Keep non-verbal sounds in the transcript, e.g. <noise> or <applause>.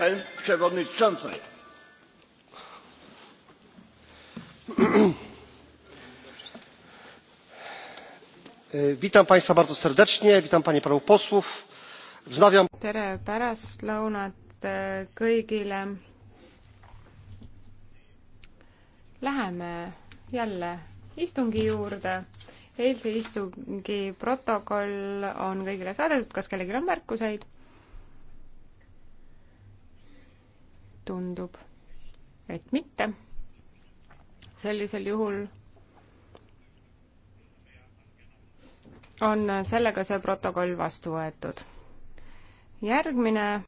pani przewodnicząca! <clears throat> witam państwa bardzo serdecznie witam panie i panów posłów. wznawiam. tere pärastlõunat e, kõigile! läheme jälle istungi juurde. eilse istungi protokoll on kõigile saadetud kas kellelgi on märkuseid? tundub, et mitte. sellisel juhul on sellega see protokoll vastu võetud. järgmine